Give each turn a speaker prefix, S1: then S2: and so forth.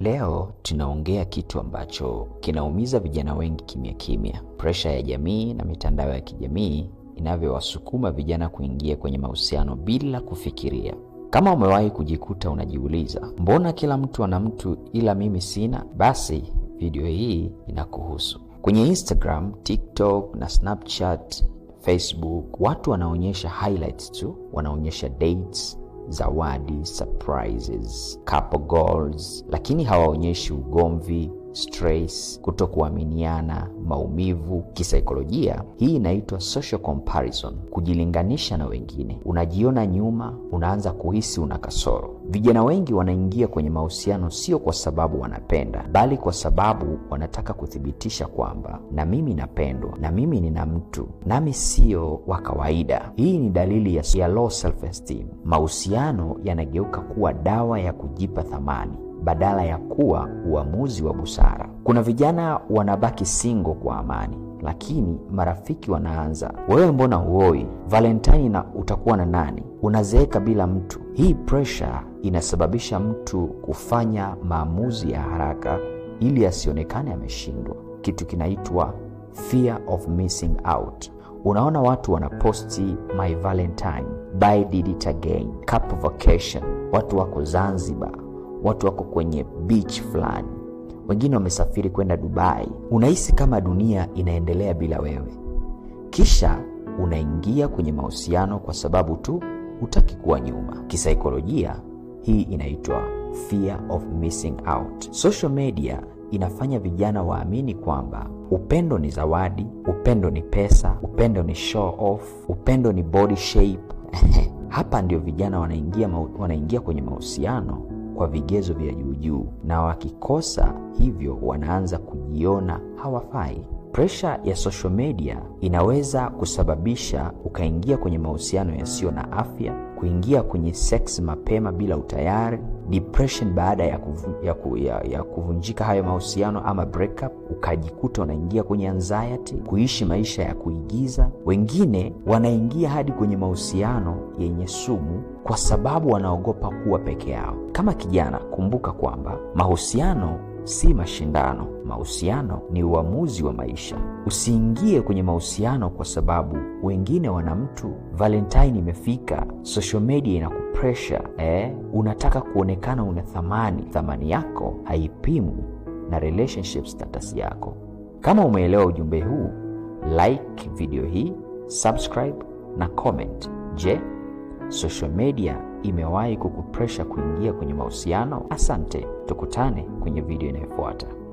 S1: Leo tunaongea kitu ambacho kinaumiza vijana wengi kimya kimya, presha ya jamii na mitandao ya kijamii inavyowasukuma vijana kuingia kwenye mahusiano bila kufikiria. Kama umewahi kujikuta unajiuliza, mbona kila mtu ana mtu ila mimi sina? Basi video hii inakuhusu. Kwenye Instagram, TikTok na Snapchat, Facebook, watu wanaonyesha highlights tu, wanaonyesha dates zawadi, surprises, couple goals, lakini hawaonyeshi ugomvi stress, kutokuaminiana, maumivu. Kisaikolojia hii inaitwa social comparison, kujilinganisha na wengine. Unajiona nyuma, unaanza kuhisi una kasoro. Vijana wengi wanaingia kwenye mahusiano sio kwa sababu wanapenda, bali kwa sababu wanataka kuthibitisha kwamba na mimi napendwa, na mimi nina mtu, nami sio wa kawaida. Hii ni dalili ya low self esteem. Mahusiano yanageuka kuwa dawa ya kujipa thamani badala ya kuwa uamuzi wa busara. Kuna vijana wanabaki singo kwa amani, lakini marafiki wanaanza, wewe mbona huoi Valentine na utakuwa na nani? Unazeeka bila mtu. Hii presha inasababisha mtu kufanya maamuzi ya haraka ili asionekane ameshindwa, kitu kinaitwa fear of missing out. Unaona watu wanaposti my valentine buy did again, cup vacation, watu wako Zanzibar watu wako kwenye beach fulani, wengine wamesafiri kwenda Dubai. Unahisi kama dunia inaendelea bila wewe, kisha unaingia kwenye mahusiano kwa sababu tu hutaki kuwa nyuma. Kisaikolojia hii inaitwa fear of missing out. Social media inafanya vijana waamini kwamba upendo ni zawadi, upendo ni pesa, upendo ni show off, upendo ni body shape. Hapa ndio vijana wanaingia, wanaingia kwenye mahusiano kwa vigezo vya juujuu na wakikosa hivyo wanaanza kujiona hawafai. Presha ya social media inaweza kusababisha ukaingia kwenye mahusiano yasiyo na afya, kuingia kwenye sex mapema bila utayari, depression baada ya, kufu, ya, ku, ya, ya kuvunjika hayo mahusiano ama breakup, ukajikuta unaingia kwenye anxiety, kuishi maisha ya kuigiza. Wengine wanaingia hadi kwenye mahusiano yenye sumu kwa sababu wanaogopa kuwa peke yao. Kama kijana, kumbuka kwamba mahusiano si mashindano. Mahusiano ni uamuzi wa maisha. Usiingie kwenye mahusiano kwa sababu wengine wana mtu, Valentine imefika, social media ina kupresha eh, unataka kuonekana una thamani. Thamani yako haipimwi na relationship status yako. Kama umeelewa ujumbe huu, like video hii, subscribe na comment. Je, social media imewahi kukupresha kuingia kwenye mahusiano? Asante, tukutane kwenye video inayofuata.